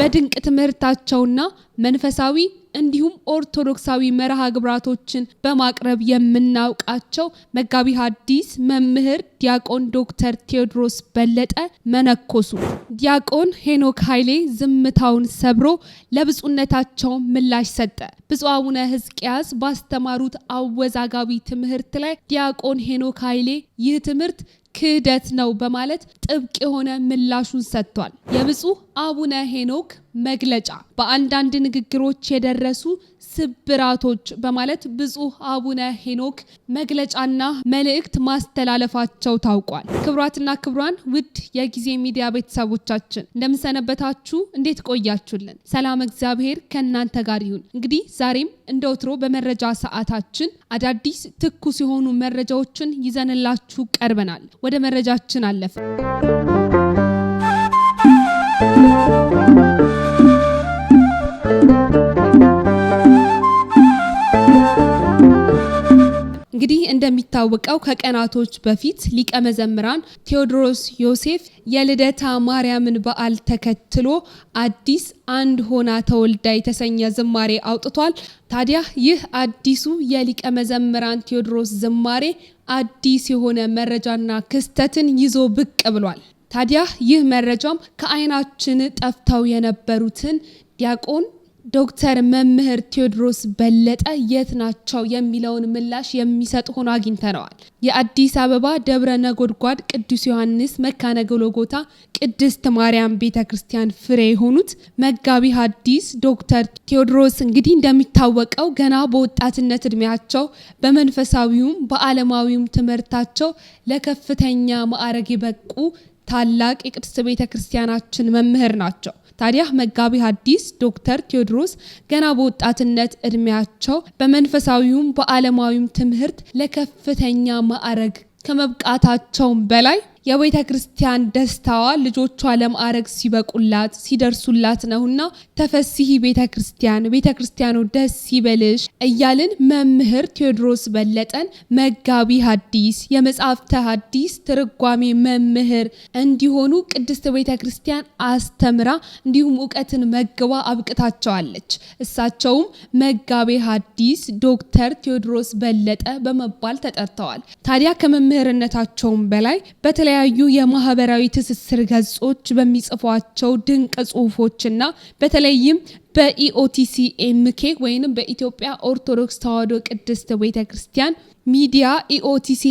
በድንቅ ትምህርታቸውና መንፈሳዊ እንዲሁም ኦርቶዶክሳዊ መርሃ ግብራቶችን በማቅረብ የምናውቃቸው መጋቢ ሐዲስ መምህር ዲያቆን ዶክተር ቴዎድሮስ በለጠ መነኮሱ፣ ዲያቆን ሄኖክ ኃይሌ ዝምታውን ሰብሮ ለብፁነታቸው ምላሽ ሰጠ። ብፁ አቡነ ህዝቅያስ ባስተማሩት አወዛጋቢ ትምህርት ላይ ዲያቆን ሄኖክ ኃይሌ ይህ ትምህርት ክህደት ነው በማለት ጥብቅ የሆነ ምላሹን ሰጥቷል። የብፁ አቡነ ሄኖክ መግለጫ በአንዳንድ ንግግሮች የደረሱ ስብራቶች በማለት ብፁዕ አቡነ ሄኖክ መግለጫና መልእክት ማስተላለፋቸው ታውቋል። ክብራትና ክብሯን ውድ የጊዜ ሚዲያ ቤተሰቦቻችን እንደምንሰነበታችሁ፣ እንዴት ቆያችሁልን? ሰላም እግዚአብሔር ከእናንተ ጋር ይሁን። እንግዲህ ዛሬም እንደ ወትሮ በመረጃ ሰዓታችን አዳዲስ ትኩስ የሆኑ መረጃዎችን ይዘንላችሁ ቀርበናል። ወደ መረጃችን አለፈ እንግዲህ እንደሚታወቀው ከቀናቶች በፊት ሊቀ መዘምራን ቴዎድሮስ ዮሴፍ የልደታ ማርያምን በዓል ተከትሎ አዲስ አንድ ሆና ተወልዳ የተሰኘ ዝማሬ አውጥቷል። ታዲያ ይህ አዲሱ የሊቀ መዘምራን ቴዎድሮስ ዝማሬ አዲስ የሆነ መረጃና ክስተትን ይዞ ብቅ ብሏል። ታዲያ ይህ መረጃም ከዓይናችን ጠፍተው የነበሩትን ዲያቆን ዶክተር መምህር ቴዎድሮስ በለጠ የት ናቸው የሚለውን ምላሽ የሚሰጥ ሆኖ አግኝተነዋል። የአዲስ አበባ ደብረ ነጎድጓድ ቅዱስ ዮሐንስ መካነ ጎልጎታ ቅድስት ማርያም ቤተ ክርስቲያን ፍሬ የሆኑት መጋቢ ሐዲስ ዶክተር ቴዎድሮስ እንግዲህ እንደሚታወቀው ገና በወጣትነት እድሜያቸው በመንፈሳዊውም በዓለማዊውም ትምህርታቸው ለከፍተኛ ማዕረግ የበቁ ታላቅ የቅድስት ቤተ ክርስቲያናችን መምህር ናቸው። ታዲያ መጋቢ ሐዲስ ዶክተር ቴዎድሮስ ገና በወጣትነት እድሜያቸው በመንፈሳዊውም በዓለማዊም ትምህርት ለከፍተኛ ማዕረግ ከመብቃታቸውም በላይ የቤተ ክርስቲያን ደስታዋ ልጆቿ ለማዕረግ ሲበቁላት ሲደርሱላት ነውና ተፈስሂ ቤተ ክርስቲያን ቤተ ክርስቲያኑ ደስ ይበልሽ እያልን መምህር ቴዎድሮስ በለጠን መጋቢ ሐዲስ የመጽሐፍተ ሐዲስ ትርጓሜ መምህር እንዲሆኑ ቅድስት ቤተ ክርስቲያን አስተምራ እንዲሁም እውቀትን መግባ አብቅታቸዋለች። እሳቸውም መጋቤ ሐዲስ ዶክተር ቴዎድሮስ በለጠ በመባል ተጠርተዋል። ታዲያ ከመምህርነታቸውም በላይ በተለይ በተለያዩ የማህበራዊ ትስስር ገጾች በሚጽፏቸው ድንቅ ጽሁፎችና በተለይም በኢኦቲሲኤምኬ ወይም በኢትዮጵያ ኦርቶዶክስ ተዋህዶ ቅድስት ቤተ ክርስቲያን ሚዲያ ኢኦቲሲ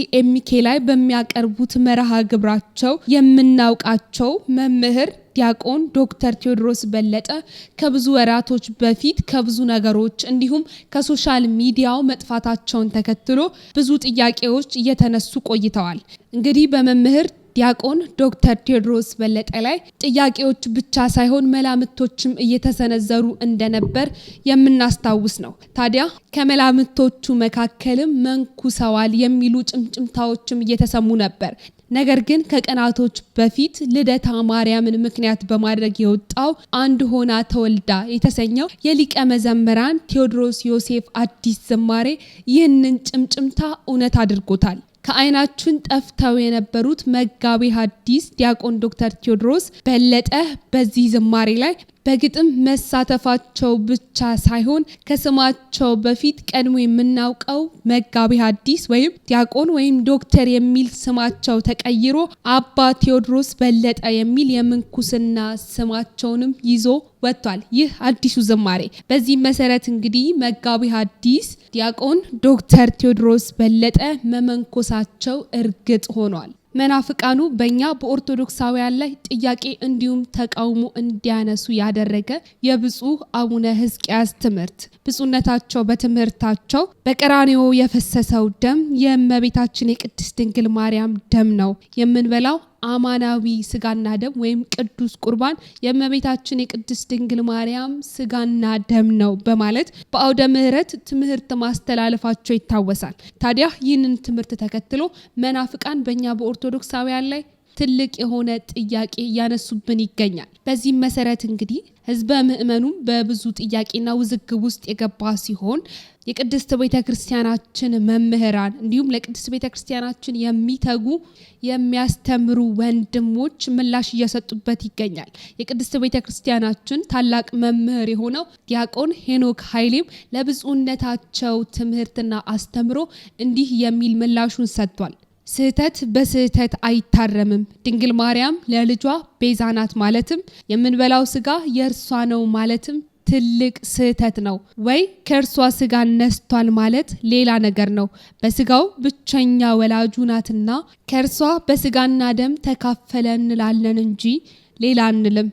ላይ በሚያቀርቡት መርሃ ግብራቸው የምናውቃቸው መምህር ዲያቆን ዶክተር ቴዎድሮስ በለጠ ከብዙ ወራቶች በፊት ከብዙ ነገሮች እንዲሁም ከሶሻል ሚዲያው መጥፋታቸውን ተከትሎ ብዙ ጥያቄዎች እየተነሱ ቆይተዋል። እንግዲህ በመምህር ዲያቆን ዶክተር ቴዎድሮስ በለጠ ላይ ጥያቄዎች ብቻ ሳይሆን መላምቶችም እየተሰነዘሩ እንደነበር የምናስታውስ ነው። ታዲያ ከመላምቶቹ መካከልም መንኩሰዋል የሚሉ ጭምጭምታዎችም እየተሰሙ ነበር። ነገር ግን ከቀናቶች በፊት ልደታ ማርያምን ምክንያት በማድረግ የወጣው አንድ ሆና ተወልዳ የተሰኘው የሊቀ መዘምራን ቴዎድሮስ ዮሴፍ አዲስ ዝማሬ ይህንን ጭምጭምታ እውነት አድርጎታል። ከአይናችን ጠፍተው የነበሩት መጋቤ ሐዲስ ዲያቆን ዶክተር ቴዎድሮስ በለጠ በዚህ ዝማሬ ላይ በግጥም መሳተፋቸው ብቻ ሳይሆን ከስማቸው በፊት ቀድሞ የምናውቀው መጋቢ ሐዲስ ወይም ዲያቆን ወይም ዶክተር የሚል ስማቸው ተቀይሮ አባ ቴዎድሮስ በለጠ የሚል የምንኩስና ስማቸውንም ይዞ ወጥቷል። ይህ አዲሱ ዝማሬ። በዚህ መሰረት እንግዲህ መጋቢ ሐዲስ ዲያቆን ዶክተር ቴዎድሮስ በለጠ መመንኮሳቸው እርግጥ ሆኗል። መናፍቃኑ በእኛ በኦርቶዶክሳውያን ላይ ጥያቄ እንዲሁም ተቃውሞ እንዲያነሱ ያደረገ የብፁዕ አቡነ ሕዝቅያስ ትምህርት ብፁዕነታቸው በትምህርታቸው በቀራኔዎ የፈሰሰው ደም የእመቤታችን የቅድስት ድንግል ማርያም ደም ነው፣ የምንበላው አማናዊ ስጋና ደም ወይም ቅዱስ ቁርባን የእመቤታችን የቅድስት ድንግል ማርያም ስጋና ደም ነው በማለት በአውደ ምሕረት ትምህርት ማስተላለፋቸው ይታወሳል። ታዲያ ይህንን ትምህርት ተከትሎ መናፍቃን በእኛ በኦርቶዶክሳውያን ላይ ትልቅ የሆነ ጥያቄ እያነሱብን ይገኛል። በዚህም መሰረት እንግዲህ ህዝበ ምዕመኑም በብዙ ጥያቄና ውዝግብ ውስጥ የገባ ሲሆን የቅድስት ቤተ ክርስቲያናችን መምህራን እንዲሁም ለቅድስት ቤተ ክርስቲያናችን የሚተጉ የሚያስተምሩ ወንድሞች ምላሽ እየሰጡበት ይገኛል። የቅድስት ቤተ ክርስቲያናችን ታላቅ መምህር የሆነው ዲያቆን ሄኖክ ኃይሌም ለብፁዕነታቸው ትምህርትና አስተምሮ እንዲህ የሚል ምላሹን ሰጥቷል። ስህተት በስህተት አይታረምም። ድንግል ማርያም ለልጇ ቤዛ ናት ማለትም የምንበላው ስጋ የእርሷ ነው ማለትም ትልቅ ስህተት ነው። ወይ ከእርሷ ስጋ ነስቷል ማለት ሌላ ነገር ነው። በስጋው ብቸኛ ወላጁ ናትና ከእርሷ በስጋና ደም ተካፈለ እንላለን እንጂ ሌላ አንልም።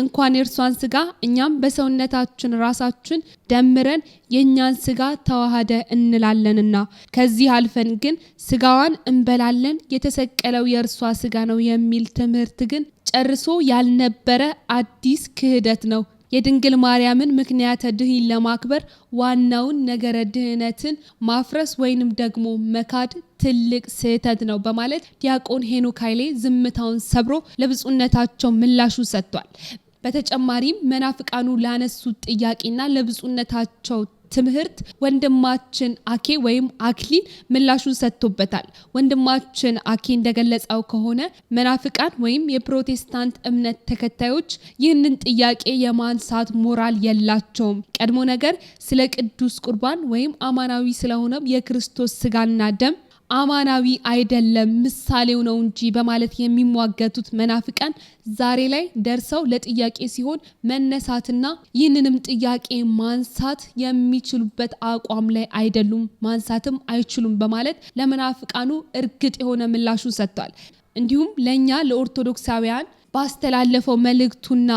እንኳን የእርሷን ስጋ እኛም በሰውነታችን ራሳችን ደምረን የእኛን ስጋ ተዋህደ እንላለንና። ከዚህ አልፈን ግን ስጋዋን እንበላለን የተሰቀለው የእርሷ ስጋ ነው የሚል ትምህርት ግን ጨርሶ ያልነበረ አዲስ ክህደት ነው። የድንግል ማርያምን ምክንያተ ድህን ለማክበር ዋናውን ነገረ ድህነትን ማፍረስ ወይንም ደግሞ መካድ ትልቅ ስህተት ነው በማለት ዲያቆን ሄኖክ ኃይሌ ዝምታውን ሰብሮ ለብፁዕነታቸው ምላሹ ሰጥቷል። በተጨማሪም መናፍቃኑ ላነሱት ጥያቄና ለብፁነታቸው ትምህርት ወንድማችን አኬ ወይም አክሊል ምላሹን ሰጥቶበታል። ወንድማችን አኬ እንደገለጸው ከሆነ መናፍቃን ወይም የፕሮቴስታንት እምነት ተከታዮች ይህንን ጥያቄ የማንሳት ሞራል የላቸውም። ቀድሞ ነገር ስለ ቅዱስ ቁርባን ወይም አማናዊ ስለሆነው የክርስቶስ ስጋና ደም አማናዊ አይደለም፣ ምሳሌው ነው እንጂ በማለት የሚሟገቱት መናፍቃን ዛሬ ላይ ደርሰው ለጥያቄ ሲሆን መነሳትና ይህንንም ጥያቄ ማንሳት የሚችሉበት አቋም ላይ አይደሉም፣ ማንሳትም አይችሉም በማለት ለመናፍቃኑ እርግጥ የሆነ ምላሹን ሰጥቷል። እንዲሁም ለእኛ ለኦርቶዶክሳውያን ባስተላለፈው መልእክቱና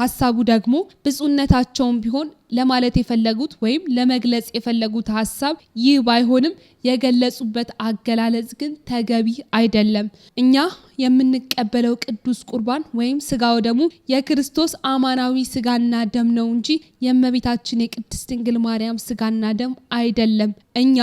ሀሳቡ ደግሞ ብፁዕነታቸውም ቢሆን ለማለት የፈለጉት ወይም ለመግለጽ የፈለጉት ሀሳብ ይህ ባይሆንም የገለጹበት አገላለጽ ግን ተገቢ አይደለም። እኛ የምንቀበለው ቅዱስ ቁርባን ወይም ስጋው ደግሞ የክርስቶስ አማናዊ ስጋና ደም ነው እንጂ የእመቤታችን የቅድስት ድንግል ማርያም ስጋና ደም አይደለም። እኛ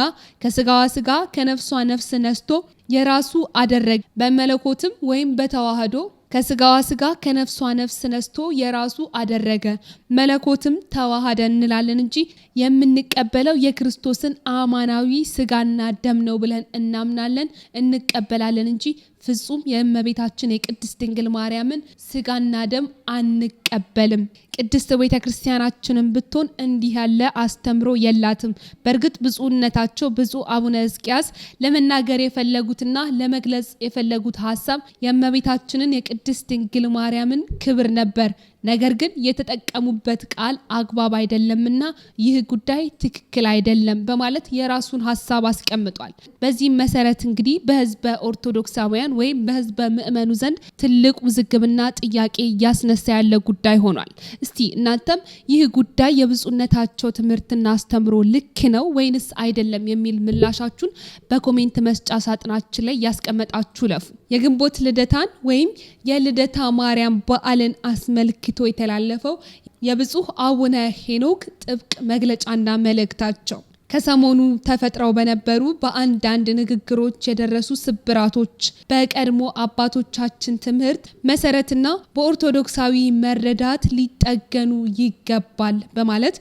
ከስጋዋ ስጋ ከነፍሷ ነፍስ ነስቶ የራሱ አደረገ። በመለኮትም ወይም በተዋህዶ ከስጋዋ ስጋ ከነፍሷ ነፍስ ነስቶ የራሱ አደረገ፣ መለኮትም ተዋሃደ እንላለን እንጂ የምንቀበለው የክርስቶስን አማናዊ ስጋና ደም ነው ብለን እናምናለን፣ እንቀበላለን እንጂ ፍጹም የእመቤታችን የቅድስት ድንግል ማርያምን ስጋና ደም አንቀበልም። ቅድስት ቤተ ክርስቲያናችንን ብትሆን እንዲህ ያለ አስተምሮ የላትም። በእርግጥ ብፁዕነታቸው ብፁዕ አቡነ ሕዝቅያስ ለመናገር የፈለጉትና ለመግለጽ የፈለጉት ሀሳብ የእመቤታችንን የቅድስት ድንግል ማርያምን ክብር ነበር። ነገር ግን የተጠቀሙበት ቃል አግባብ አይደለምና ይህ ጉዳይ ትክክል አይደለም በማለት የራሱን ሀሳብ አስቀምጧል። በዚህም መሰረት እንግዲህ በህዝበ ኦርቶዶክሳውያን ወይም በህዝበ ምእመኑ ዘንድ ትልቅ ውዝግብና ጥያቄ እያስነሳ ያለ ጉዳይ ሆኗል። እስቲ እናንተም ይህ ጉዳይ የብፁዕነታቸው ትምህርትና አስተምሮ ልክ ነው ወይንስ አይደለም የሚል ምላሻችሁን በኮሜንት መስጫ ሳጥናችን ላይ ያስቀመጣችሁ ለፉ። የግንቦት ልደታን ወይም የልደታ ማርያም በዓልን አስመልክቶ የተላለፈው የብፁህ አቡነ ሄኖክ ጥብቅ መግለጫና መልእክታቸው ከሰሞኑ ተፈጥረው በነበሩ በአንዳንድ ንግግሮች የደረሱ ስብራቶች በቀድሞ አባቶቻችን ትምህርት መሰረትና በኦርቶዶክሳዊ መረዳት ሊጠገኑ ይገባል በማለት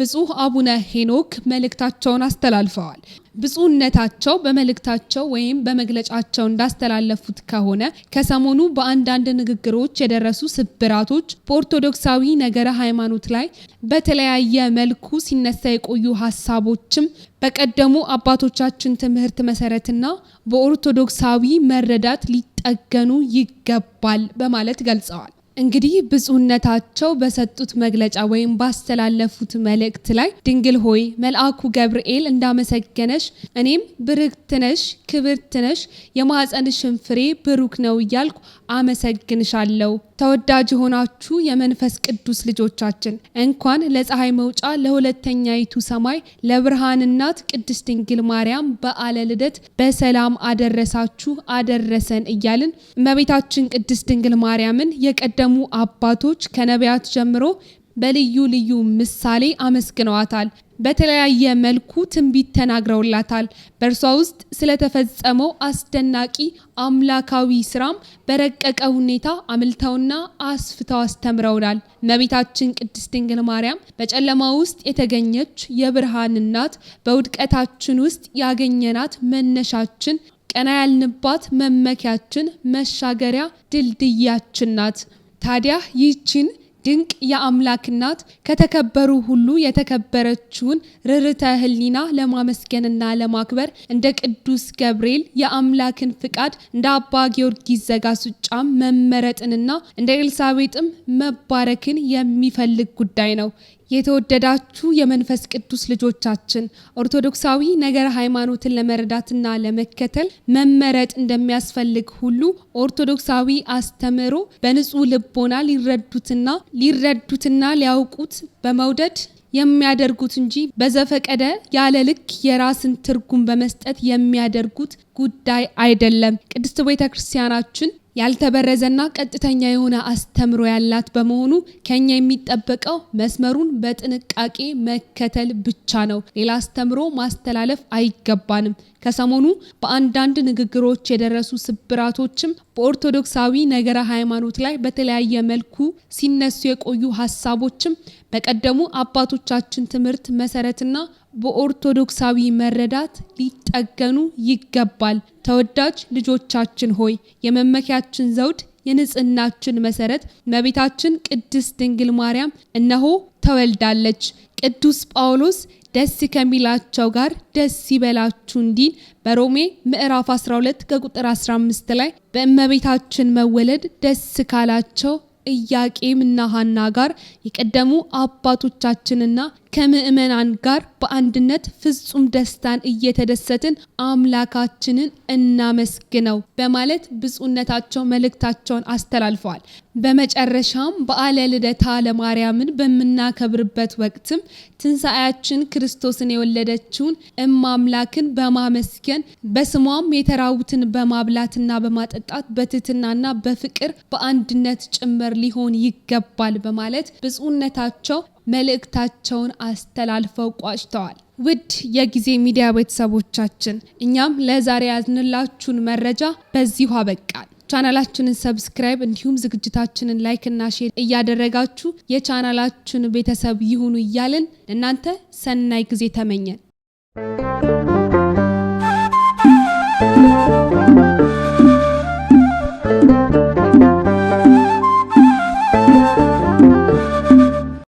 ብፁዕ አቡነ ሄኖክ መልእክታቸውን አስተላልፈዋል። ብፁዕነታቸው በመልእክታቸው ወይም በመግለጫቸው እንዳስተላለፉት ከሆነ ከሰሞኑ በአንዳንድ ንግግሮች የደረሱ ስብራቶች በኦርቶዶክሳዊ ነገረ ሃይማኖት ላይ በተለያየ መልኩ ሲነሳ የቆዩ ሀሳቦችም በቀደሙ አባቶቻችን ትምህርት መሰረትና በኦርቶዶክሳዊ መረዳት ሊጠገኑ ይገባል በማለት ገልጸዋል። እንግዲህ ብፁዕነታቸው በሰጡት መግለጫ ወይም ባስተላለፉት መልእክት ላይ ድንግል ሆይ መልአኩ ገብርኤል እንዳመሰገነሽ እኔም ብርክት ነሽ፣ ክብርት ነሽ፣ የማኅፀንሽን ፍሬ ብሩክ ነው እያልኩ አመሰግንሻለሁ። ተወዳጅ የሆናችሁ የመንፈስ ቅዱስ ልጆቻችን እንኳን ለፀሐይ መውጫ ለሁለተኛይቱ ሰማይ ለብርሃን እናት ቅድስት ድንግል ማርያም በዓለ ልደት በሰላም አደረሳችሁ አደረሰን እያልን እመቤታችን ቅድስት ድንግል ማርያምን የቀደ የቀደሙ አባቶች ከነቢያት ጀምሮ በልዩ ልዩ ምሳሌ አመስግነዋታል። በተለያየ መልኩ ትንቢት ተናግረውላታል። በእርሷ ውስጥ ስለተፈጸመው አስደናቂ አምላካዊ ስራም በረቀቀ ሁኔታ አምልተውና አስፍተው አስተምረውናል። እመቤታችን ቅድስት ድንግል ማርያም በጨለማ ውስጥ የተገኘች የብርሃን እናት፣ በውድቀታችን ውስጥ ያገኘናት መነሻችን፣ ቀና ያልንባት መመኪያችን፣ መሻገሪያ ድልድያችን ናት። ታዲያ ይህችን ድንቅ የአምላክ እናት ከተከበሩ ሁሉ የተከበረችውን ርርተ ህሊና ለማመስገንና ለማክበር እንደ ቅዱስ ገብርኤል የአምላክን ፍቃድ እንደ አባ ጊዮርጊስ ዘጋስጫ ምርጫም መመረጥንና እንደ ኤልሳቤጥም መባረክን የሚፈልግ ጉዳይ ነው። የተወደዳችሁ የመንፈስ ቅዱስ ልጆቻችን ኦርቶዶክሳዊ ነገር ሃይማኖትን ለመረዳትና ለመከተል መመረጥ እንደሚያስፈልግ ሁሉ ኦርቶዶክሳዊ አስተምህሮ በንጹህ ልቦና ሊረዱትና ሊረዱትና ሊያውቁት በመውደድ የሚያደርጉት እንጂ በዘፈቀደ ያለ ልክ የራስን ትርጉም በመስጠት የሚያደርጉት ጉዳይ አይደለም። ቅድስት ቤተ ክርስቲያናችን ያልተበረዘና ቀጥተኛ የሆነ አስተምሮ ያላት በመሆኑ ከኛ የሚጠበቀው መስመሩን በጥንቃቄ መከተል ብቻ ነው። ሌላ አስተምሮ ማስተላለፍ አይገባንም። ከሰሞኑ በአንዳንድ ንግግሮች የደረሱ ስብራቶችም በኦርቶዶክሳዊ ነገረ ሃይማኖት ላይ በተለያየ መልኩ ሲነሱ የቆዩ ሀሳቦችም በቀደሙ አባቶቻችን ትምህርት መሰረትና በኦርቶዶክሳዊ መረዳት ሊጠገኑ ይገባል። ተወዳጅ ልጆቻችን ሆይ የመመኪያችን ዘውድ የንጽህናችን መሰረት እመቤታችን ቅድስት ድንግል ማርያም እነሆ ተወልዳለች። ቅዱስ ጳውሎስ ደስ ከሚላቸው ጋር ደስ ይበላችሁ እንዲል በሮሜ ምዕራፍ 12 ከቁጥር 15 ላይ በእመቤታችን መወለድ ደስ ካላቸው ኢያቄምና ሐና ጋር የቀደሙ አባቶቻችንና ከምእመናን ጋር በአንድነት ፍጹም ደስታን እየተደሰትን አምላካችንን እናመስግነው በማለት ብፁዕነታቸው መልእክታቸውን አስተላልፈዋል። በመጨረሻም በዓለ ልደታ ለማርያምን በምናከብርበት ወቅትም ትንሣኤያችን ክርስቶስን የወለደችውን እማ አምላክን በማመስገን በስሟም የተራቡትን በማብላትና በማጠጣት በትህትናና በፍቅር በአንድነት ጭምር ሊሆን ይገባል በማለት ብፁዕነታቸው መልእክታቸውን አስተላልፈው ቋጭተዋል። ውድ የጊዜ ሚዲያ ቤተሰቦቻችን እኛም ለዛሬ ያዝንላችሁን መረጃ በዚሁ አበቃል። ቻናላችንን ሰብስክራይብ እንዲሁም ዝግጅታችንን ላይክ እና ሼር እያደረጋችሁ የቻናላችን ቤተሰብ ይሁኑ እያልን እናንተ ሰናይ ጊዜ ተመኘን።